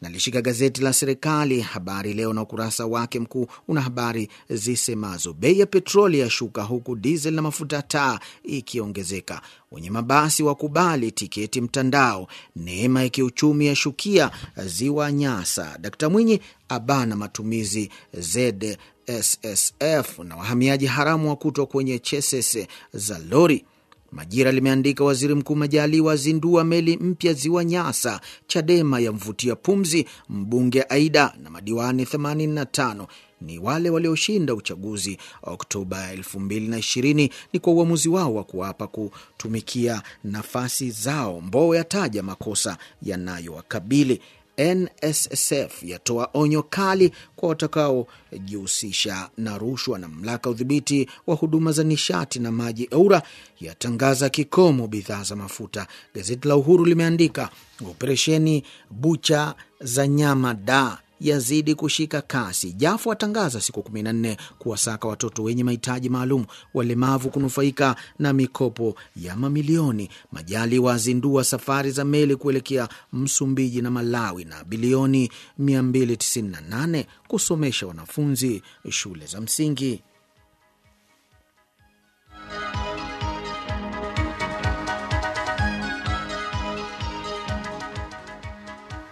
Nalishika gazeti la serikali Habari Leo na ukurasa wake mkuu una habari zisemazo: bei ya petroli yashuka huku dizeli na mafuta taa ikiongezeka, wenye mabasi wakubali tiketi mtandao, neema ya kiuchumi yashukia ziwa Nyasa, Dkt Mwinyi abana matumizi ZSSF na wahamiaji haramu wakutwa kwenye cheses za lori Majira limeandika waziri mkuu Majaliwa azindua meli mpya ziwa Nyasa, Chadema yamvutia pumzi mbunge Aida, na madiwani 85 ni wale walioshinda uchaguzi Oktoba 2020 ni kwa uamuzi wao wa kuapa kutumikia nafasi zao. Mbowe yataja makosa yanayowakabili. NSSF yatoa onyo kali kwa watakaojihusisha na rushwa, na mamlaka udhibiti wa huduma za nishati na maji EURA yatangaza kikomo bidhaa za mafuta. Gazeti la Uhuru limeandika operesheni bucha za nyama da yazidi kushika kasi. Jafu atangaza siku 14 kuwasaka watoto wenye mahitaji maalum, walemavu kunufaika na mikopo ya mamilioni. Majali wazindua safari za meli kuelekea Msumbiji na Malawi, na bilioni 298 kusomesha wanafunzi shule za msingi.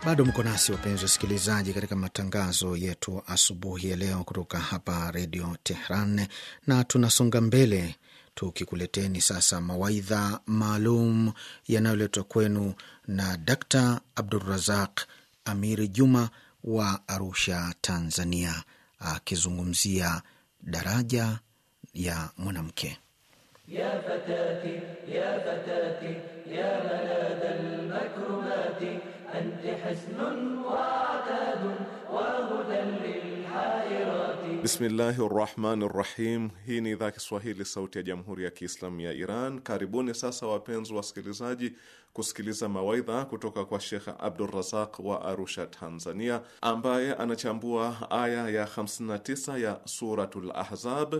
Bado mko nasi wapenzi wasikilizaji, katika matangazo yetu asubuhi ya leo kutoka hapa Redio Tehran, na tunasonga mbele tukikuleteni sasa mawaidha maalum yanayoletwa kwenu na Dakta Abdurazaq Amiri Juma wa Arusha, Tanzania, akizungumzia daraja ya mwanamke ya fatati, ya fatati, ya Bismillahi rahmani rahim. Hii ni idhaa Kiswahili sauti ya jamhuri ya Kiislamu ya Iran. Karibuni sasa wapenzi wasikilizaji, kusikiliza mawaidha kutoka kwa Shekh Abdurazaq wa Arusha, Tanzania, ambaye anachambua aya ya 59 ya Suratul Ahzab,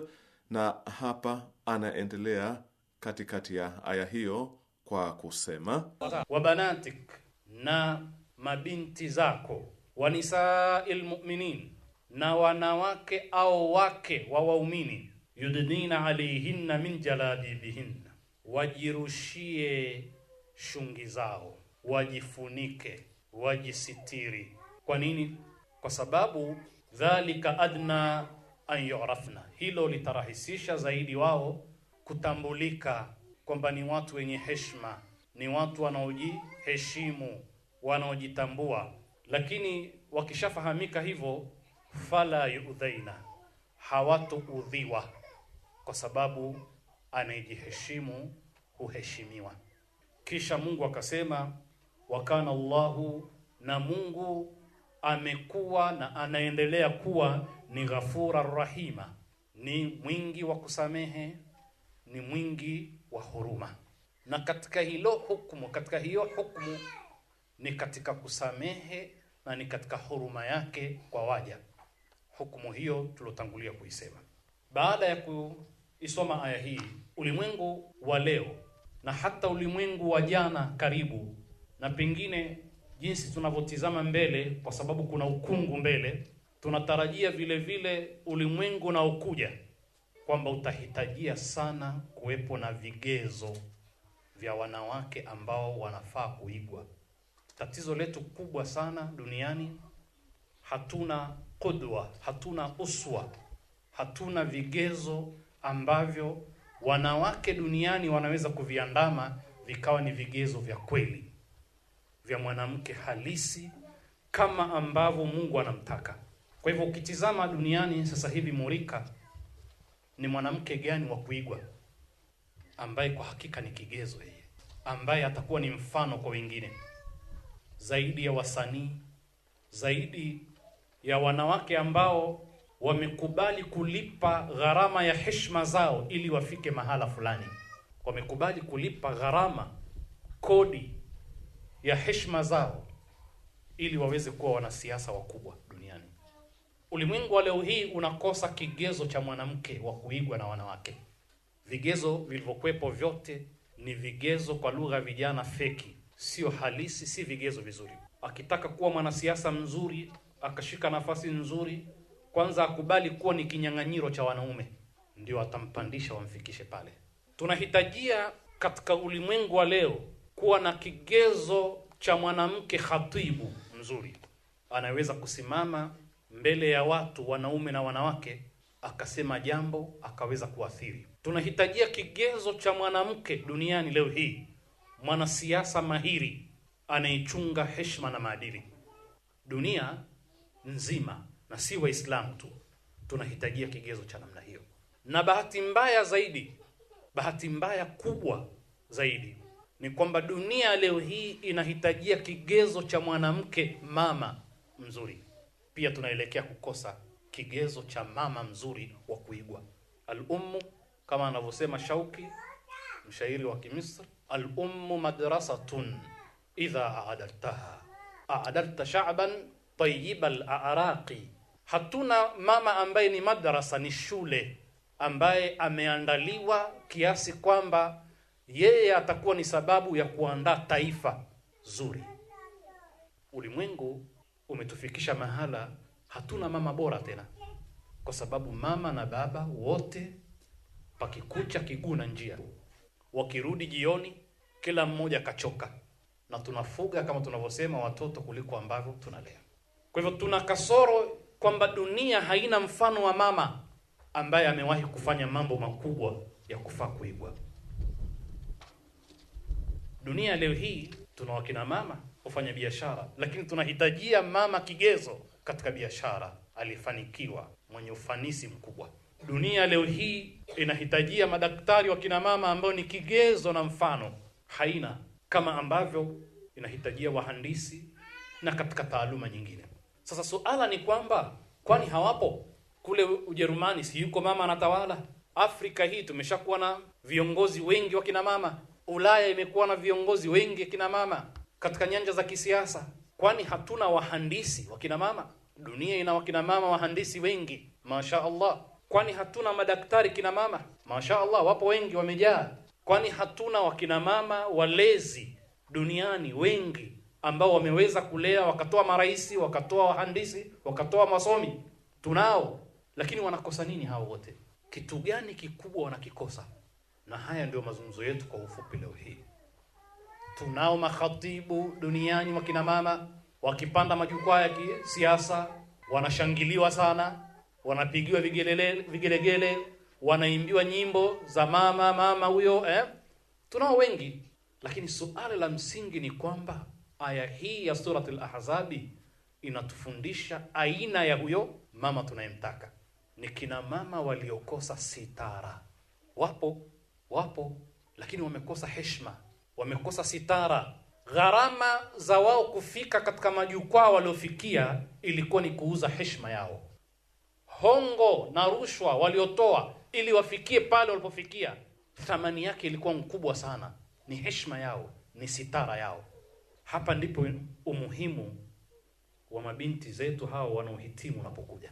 na hapa anaendelea katikati ya aya hiyo kwa kusema wabanatik na mabinti zako wa nisail mu'minin, na wanawake au wake wa waumini, yudnina alayhinna min jalabibihinna, wajirushie shungi zao, wajifunike, wajisitiri. Kwa nini? Kwa sababu dhalika adna an yurafna, hilo litarahisisha zaidi wao kutambulika kwamba ni watu wenye heshima, ni watu wanaojiheshimu wanaojitambua, lakini wakishafahamika hivyo, fala yudhaina, hawatoudhiwa kwa sababu anayejiheshimu huheshimiwa. Kisha Mungu akasema, wakana Allahu, na Mungu amekuwa na anaendelea kuwa ni ghafura rahima, ni mwingi wa kusamehe, ni mwingi wa huruma. Na katika hilo hukumu, katika hiyo hukumu ni katika kusamehe na ni katika huruma yake kwa waja. Hukumu hiyo tuliotangulia kuisema. Baada ya kuisoma aya hii, ulimwengu wa leo na hata ulimwengu wa jana karibu, na pengine jinsi tunavyotizama mbele, kwa sababu kuna ukungu mbele, tunatarajia vile vile ulimwengu unaokuja kwamba utahitajia sana kuwepo na vigezo vya wanawake ambao wanafaa kuigwa Tatizo letu kubwa sana duniani, hatuna kudwa, hatuna uswa, hatuna vigezo ambavyo wanawake duniani wanaweza kuviandama vikawa ni vigezo vya kweli vya mwanamke halisi kama ambavyo Mungu anamtaka. Kwa hivyo ukitizama duniani sasa hivi, Morika ni mwanamke gani wa kuigwa ambaye kwa hakika ni kigezo yeye, ambaye atakuwa ni mfano kwa wengine? zaidi ya wasanii, zaidi ya wanawake ambao wamekubali kulipa gharama ya heshima zao ili wafike mahala fulani, wamekubali kulipa gharama kodi ya heshima zao ili waweze kuwa wanasiasa wakubwa duniani. Ulimwengu wa leo hii unakosa kigezo cha mwanamke wa kuigwa na wanawake. Vigezo vilivyokuwepo vyote ni vigezo kwa lugha vijana feki sio halisi, si vigezo vizuri. Akitaka kuwa mwanasiasa mzuri, akashika nafasi nzuri, kwanza akubali kuwa ni kinyang'anyiro cha wanaume, ndio atampandisha wamfikishe pale. Tunahitajia katika ulimwengu wa leo kuwa na kigezo cha mwanamke khatibu mzuri, anaweza kusimama mbele ya watu wanaume na wanawake akasema jambo akaweza kuathiri. Tunahitajia kigezo cha mwanamke duniani leo hii mwanasiasa mahiri anayechunga heshima na maadili. Dunia nzima na si Waislamu tu tunahitajia kigezo cha namna hiyo, na bahati mbaya zaidi, bahati mbaya kubwa zaidi ni kwamba dunia leo hii inahitajia kigezo cha mwanamke mama mzuri. Pia tunaelekea kukosa kigezo cha mama mzuri wa kuigwa. Al ummu kama anavyosema Shauki, mshairi wa Kimisri, al-ummu madrasatun idha a'adaltaha a'adalta sha'ban tayyibal a'raqi hatuna mama ambaye ni madrasa ni shule ambaye ameandaliwa kiasi kwamba yeye atakuwa ni sababu ya kuandaa taifa zuri ulimwengu umetufikisha mahala hatuna mama bora tena kwa sababu mama na baba wote pakikucha kiguu na njia wakirudi jioni kila mmoja kachoka, na tunafuga kama tunavyosema watoto kuliko ambavyo tunalea. Kwa hivyo tuna kasoro kwamba dunia haina mfano wa mama ambaye amewahi kufanya mambo makubwa ya kufaa kuigwa. Dunia leo hii tuna wakina mama kufanya biashara, lakini tunahitajia mama kigezo katika biashara, alifanikiwa, mwenye ufanisi mkubwa. Dunia leo hii inahitajia madaktari wa kina mama ambao ni kigezo na mfano haina kama ambavyo inahitajia wahandisi na katika taaluma nyingine. Sasa suala ni kwamba kwani hawapo kule Ujerumani? Si yuko mama anatawala? Afrika hii tumeshakuwa na viongozi wengi wa kina mama. Ulaya imekuwa na viongozi wengi kina mama katika nyanja za kisiasa. Kwani hatuna wahandisi wa kina mama? Dunia ina wakina mama wahandisi wengi, masha Allah. Kwani hatuna madaktari kina mama? Masha Allah, wapo wengi, wamejaa. Kwani hatuna wakinamama walezi duniani wengi ambao wameweza kulea wakatoa maraisi wakatoa wahandisi wakatoa masomi tunao lakini wanakosa nini hao wote kitu gani kikubwa wanakikosa na haya ndio mazungumzo yetu kwa ufupi leo hii tunao makhatibu duniani wakina mama wakipanda majukwaa ya kisiasa wanashangiliwa sana wanapigiwa vigelegele wanaimbiwa nyimbo za mama mama huyo eh? Tunao wengi, lakini suala la msingi ni kwamba aya hii ya Surat al inatufundisha aina ya huyo mama tunayemtaka. Ni kina mama waliokosa sitara, wapo wapo, lakini wamekosa heshima, wamekosa sitara. Gharama za wao kufika katika majukwaa waliofikia ilikuwa ni kuuza heshima yao. Hongo na rushwa waliotoa ili wafikie pale walipofikia, thamani yake ilikuwa mkubwa sana, ni heshima yao, ni sitara yao. Hapa ndipo umuhimu wa mabinti zetu hao wanaohitimu unapokuja,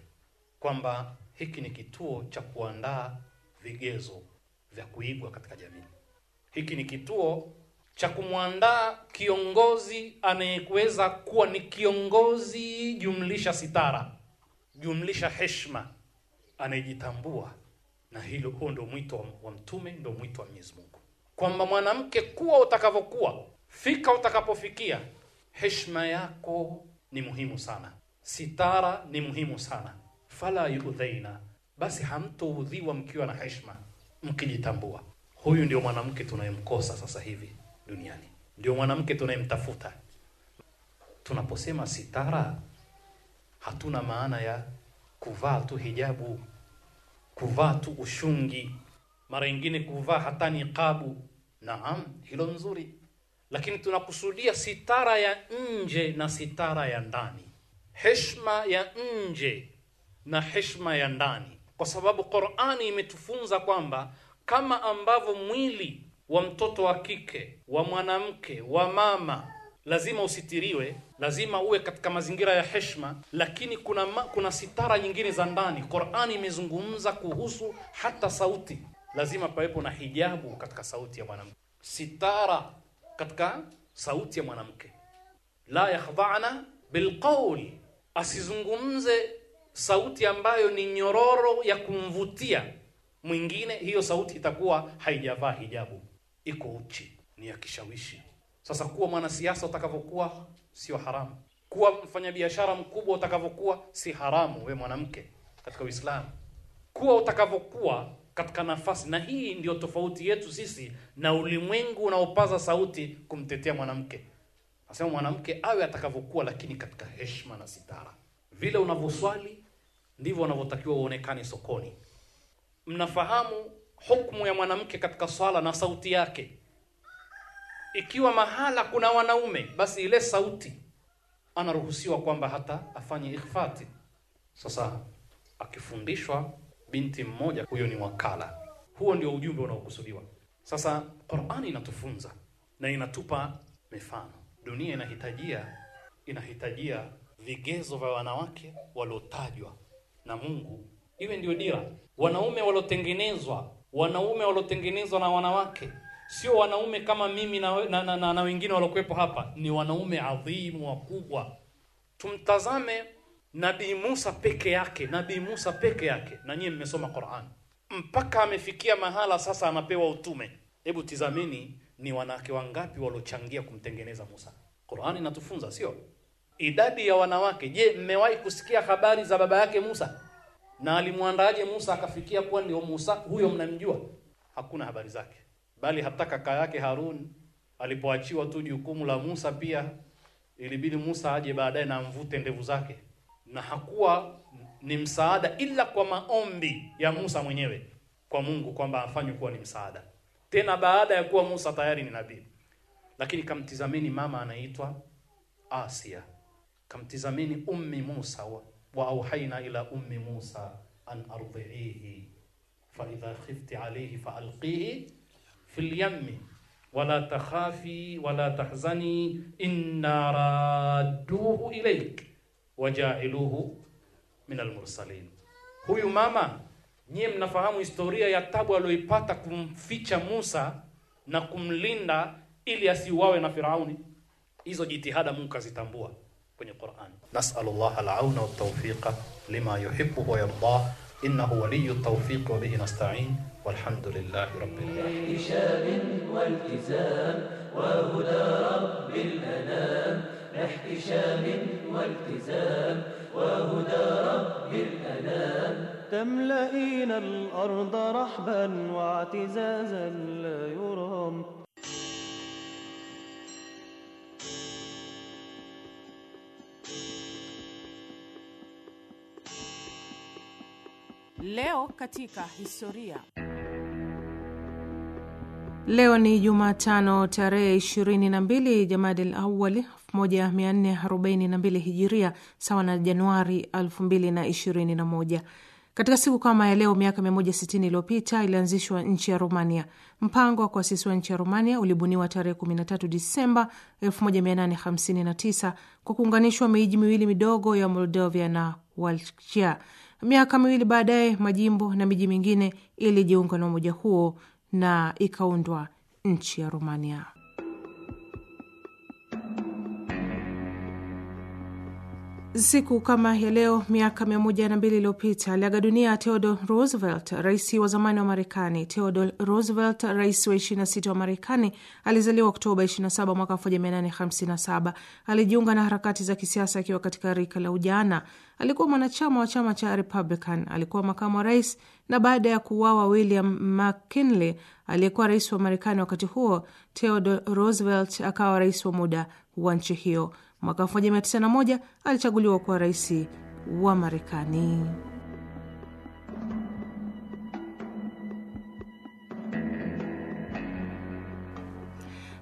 kwamba hiki ni kituo cha kuandaa vigezo vya kuigwa katika jamii. Hiki ni kituo cha kumwandaa kiongozi anayeweza kuwa ni kiongozi jumlisha sitara jumlisha heshima, anayejitambua na hilo, huo ndio mwito wa mtume, ndio mwito wa Mwenyezi Mungu kwamba mwanamke, kuwa utakavyokuwa, fika utakapofikia, heshima yako ni muhimu sana, sitara ni muhimu sana. Fala yudhaina, basi hamtoudhiwa mkiwa na heshima, mkijitambua. Huyu ndio mwanamke tunayemkosa sasa hivi duniani, ndio mwanamke tunayemtafuta. Tunaposema sitara, hatuna maana ya kuvaa tu hijabu kuvaa tu ushungi, mara nyingine kuvaa hata niqabu. Naam, hilo nzuri, lakini tunakusudia sitara ya nje na sitara ya ndani, heshma ya nje na heshma ya ndani, kwa sababu Qur'ani imetufunza kwamba kama ambavyo mwili wa mtoto wa kike, wa mwanamke, wa mama lazima usitiriwe lazima uwe katika mazingira ya heshima, lakini kuna, ma, kuna sitara nyingine za ndani. Qur'ani imezungumza kuhusu hata sauti, lazima pawepo na hijabu katika sauti ya mwanamke, sitara katika sauti ya mwanamke. La yakhdha'na bilqawl, asizungumze sauti ambayo ni nyororo ya kumvutia mwingine, hiyo sauti itakuwa haijavaa hijabu, iko uchi, ni ya kishawishi. Sasa kuwa mwanasiasa utakavyokuwa sio haramu. Kuwa mfanyabiashara mkubwa utakavyokuwa si haramu, we mwanamke katika Uislamu, kuwa utakavyokuwa katika nafasi. Na hii ndiyo tofauti yetu sisi na ulimwengu unaopaza sauti kumtetea mwanamke. Nasema mwanamke awe atakavyokuwa, lakini katika heshima na sitara. Vile unavyoswali ndivyo unavyotakiwa uonekane sokoni. Mnafahamu hukumu ya mwanamke katika swala na sauti yake ikiwa mahala kuna wanaume, basi ile sauti anaruhusiwa kwamba hata afanye ikhfati. Sasa akifundishwa binti mmoja, huyo ni wakala. Huo ndio ujumbe unaokusudiwa. Sasa Qur'ani inatufunza na inatupa mifano. Dunia inahitajia inahitajia vigezo vya wanawake waliotajwa na Mungu, iwe ndio dira. Wanaume waliotengenezwa, wanaume waliotengenezwa na wanawake sio wanaume kama mimi na, na, na, na, na wengine waliokuwepo hapa, ni wanaume adhimu wakubwa. Tumtazame Nabii Musa peke yake, Nabii Musa peke yake, na nyie mmesoma Qur'an mpaka amefikia mahala sasa anapewa utume. Hebu tizamini ni wanawake wangapi waliochangia kumtengeneza Musa. Qur'an inatufunza sio idadi ya wanawake. Je, mmewahi kusikia habari za baba yake Musa na alimwandaje Musa akafikia kuwa ndio Musa huyo mnamjua? Hakuna habari zake bali hata kaka yake Harun alipoachiwa tu jukumu la Musa, pia ilibidi Musa aje baadaye na mvute ndevu zake, na hakuwa ni msaada ila kwa maombi ya Musa mwenyewe kwa Mungu kwamba afanywe kuwa ni msaada, tena baada ya kuwa Musa tayari ni nabii. Lakini kamtizameni mama anaitwa Asia, kamtizameni ummi Musa wa, wa auhaina ila ummi Musa an ardhiihi fa idha khifti alayhi fa alqihi في اليم ولا تخافي ولا تحزني إنا رادوه إليك وجاعلوه من المرسلين هو ماما nyie mnafahamu historia ya tabu aliyoipata kumficha Musa na kumlinda ili asiuawe na Firauni. Hizo jitihada Mungu kazitambua kwenye Qur'an. Nas'alullah al-auna wat-tawfiqa lima yuhibbu wa yarda innahu waliyyu at-tawfiq wa bihi nasta'in. والحمد لله رب العالمين احتشام والتزام وهدى رب الأنام احتشام والتزام وهدى رب الأنام تملئين الأرض رحبا واعتزازا لا يرام Leo katika historia. Leo ni Jumatano tarehe 22 Jamadil Awali 1442 Hijiria, sawa na Januari 2021. Katika siku kama ya leo miaka 160 iliyopita ilianzishwa nchi ya Romania. Mpango wa kuasisiwa nchi ya Romania ulibuniwa tarehe 13 Disemba 1859 kwa kuunganishwa miji miwili midogo ya Moldovia na Walchia. Miaka miwili baadaye majimbo na miji mingine ilijiunga na umoja huo na ikaundwa nchi ya Romania. Siku kama ya leo miaka mia moja na mbili iliyopita aliaga dunia Theodore Roosevelt, rais wa zamani wa Marekani. Theodore Roosevelt, rais wa 26 wa Marekani, alizaliwa Oktoba 27 mwaka 1857. Alijiunga na harakati za kisiasa akiwa katika rika la ujana. Alikuwa mwanachama wa chama cha Republican. Alikuwa makamu wa rais, na baada ya kuuawa William McKinley aliyekuwa rais wa Marekani wakati huo, Theodore Roosevelt akawa rais wa muda wa nchi hiyo. Mwaka 1991 alichaguliwa kuwa rais wa Marekani.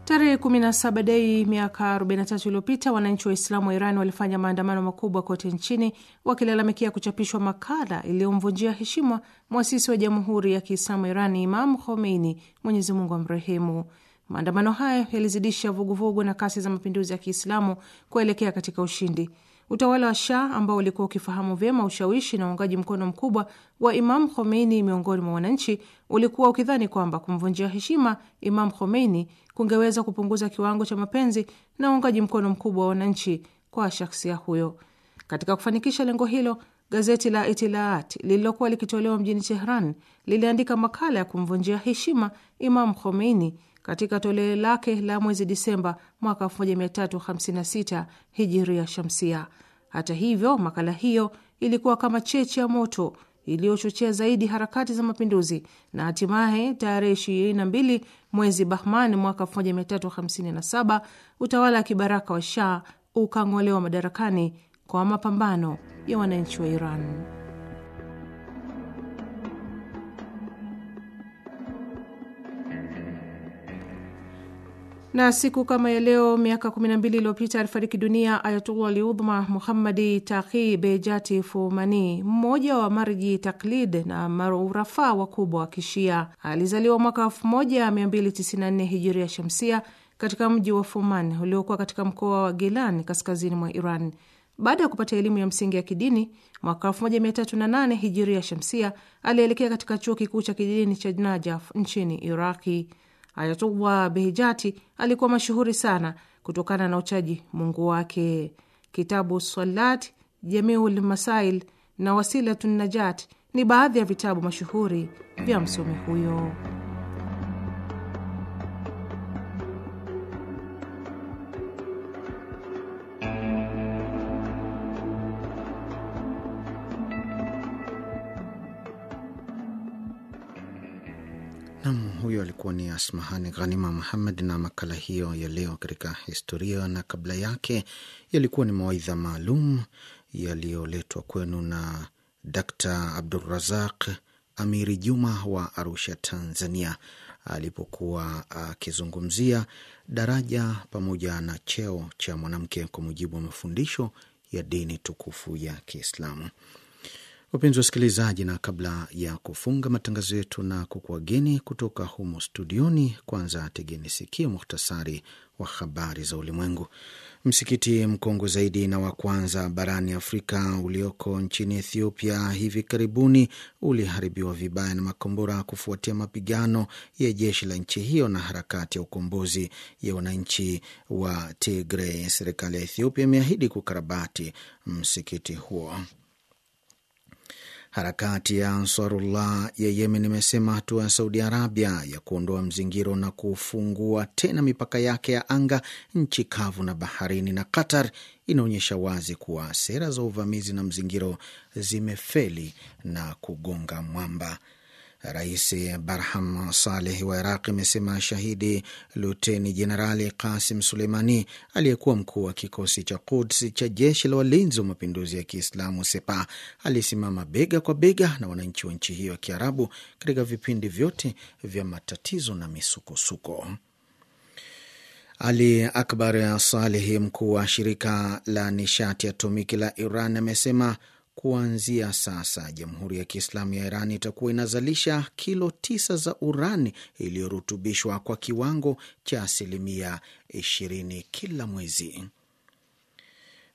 Tarehe 17 Dei miaka 43 iliyopita wananchi wa Islamu wa Iran walifanya maandamano makubwa kote nchini wakilalamikia kuchapishwa makala iliyomvunjia heshima mwasisi wa Jamhuri ya Kiislamu Irani Imam Khomeini, Mwenyezi Mungu amrehemu. Maandamano hayo yalizidisha vuguvugu na kasi za mapinduzi ya Kiislamu kuelekea katika ushindi. Utawala wa Shah ambao ulikuwa ukifahamu vyema ushawishi na uungaji mkono mkubwa wa Imam Khomeini miongoni mwa wananchi, ulikuwa ukidhani kwamba kumvunjia heshima Imam Khomeini kungeweza kupunguza kiwango cha mapenzi na uungaji mkono mkubwa wa wananchi kwa shaksia huyo. Katika kufanikisha lengo hilo, gazeti la Itilaat lililokuwa likitolewa mjini Tehran liliandika makala ya kumvunjia heshima Imam Khomeini katika toleo lake la mwezi Disemba mwaka 1356 hijiria shamsia. Hata hivyo, makala hiyo ilikuwa kama cheche ya moto iliyochochea zaidi harakati za mapinduzi na hatimaye tarehe 22 mwezi Bahman mwaka 1357 utawala wa kibaraka wa Shah ukang'olewa madarakani kwa mapambano ya wananchi wa Iran. na siku kama ya leo miaka 12 iliyopita alifariki dunia Ayatullah Liudhma Muhammadi Taqi Bejati Fumani, mmoja wa marji taklid na maurafaa wakubwa wa Kishia. Alizaliwa mwaka 1294 hijiria shamsia katika mji wa Fuman uliokuwa katika mkoa wa Gilan kaskazini mwa Iran. Baada ya kupata elimu ya msingi ya kidini mwaka 1308 hijiria shamsia, alielekea katika chuo kikuu cha kidini cha Najaf nchini Iraki. Ayatullah Behijati alikuwa mashuhuri sana kutokana na uchaji Mungu wake. Kitabu Salat, Jamiul Masail na Wasilatun Najat ni baadhi ya vitabu mashuhuri vya msomi huyo. Nam, huyo alikuwa ni Asmahani Ghanima Muhammad na makala hiyo ya leo katika historia, na kabla yake yalikuwa ni mawaidha maalum yaliyoletwa kwenu na Dakta Abdurazaq Amiri Juma wa Arusha, Tanzania, alipokuwa akizungumzia daraja pamoja na cheo cha mwanamke kwa mujibu wa mafundisho ya dini tukufu ya Kiislamu. Wapenzi wa wasikilizaji, na kabla ya kufunga matangazo yetu na kukuageni kutoka humo studioni, kwanza tegeni sikio muhtasari wa habari za ulimwengu. Msikiti mkongwe zaidi na wa kwanza barani Afrika ulioko nchini Ethiopia hivi karibuni uliharibiwa vibaya na makombora kufuatia mapigano ya jeshi la nchi hiyo na harakati ya ukombozi ya wananchi wa Tigray. Serikali ya Ethiopia imeahidi kukarabati msikiti huo. Harakati ya Ansarullah ya Yemen imesema hatua ya Saudi Arabia ya kuondoa mzingiro na kufungua tena mipaka yake ya anga, nchi kavu na baharini na Qatar inaonyesha wazi kuwa sera za uvamizi na mzingiro zimefeli na kugonga mwamba. Rais Barham Saleh wa Iraq amesema shahidi luteni jenerali Kasim Suleimani aliyekuwa mkuu wa kikosi cha Quds cha jeshi la walinzi wa mapinduzi ya Kiislamu sepa alisimama bega kwa bega na wananchi wa nchi hiyo ya Kiarabu katika vipindi vyote vya matatizo na misukosuko. Ali Akbar Salehi, mkuu wa shirika la nishati atomiki la Iran, amesema Kuanzia sasa Jamhuri ya Kiislamu ya Iran itakuwa inazalisha kilo tisa za urani iliyorutubishwa kwa kiwango cha asilimia ishirini kila mwezi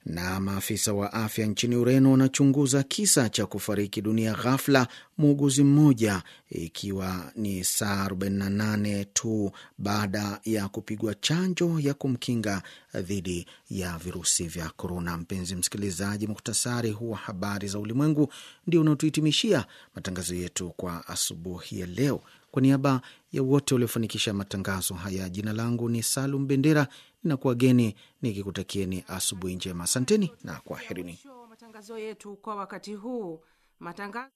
na maafisa wa afya nchini Ureno wanachunguza kisa cha kufariki dunia ghafla muuguzi mmoja, ikiwa ni saa 48 tu baada ya kupigwa chanjo ya kumkinga dhidi ya virusi vya korona. Mpenzi msikilizaji, muktasari huu wa habari za ulimwengu ndio unaotuhitimishia matangazo yetu kwa asubuhi ya leo. Kwa niaba ya wote waliofanikisha matangazo haya, jina langu ni Salum Bendera, ninakuwageni nikikutakieni asubuhi njema. Asanteni na kwaherini. Matangazo yetu kwa wakati huu matangazo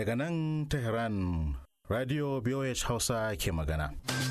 daga nan tehran radio voh hausa ke magana.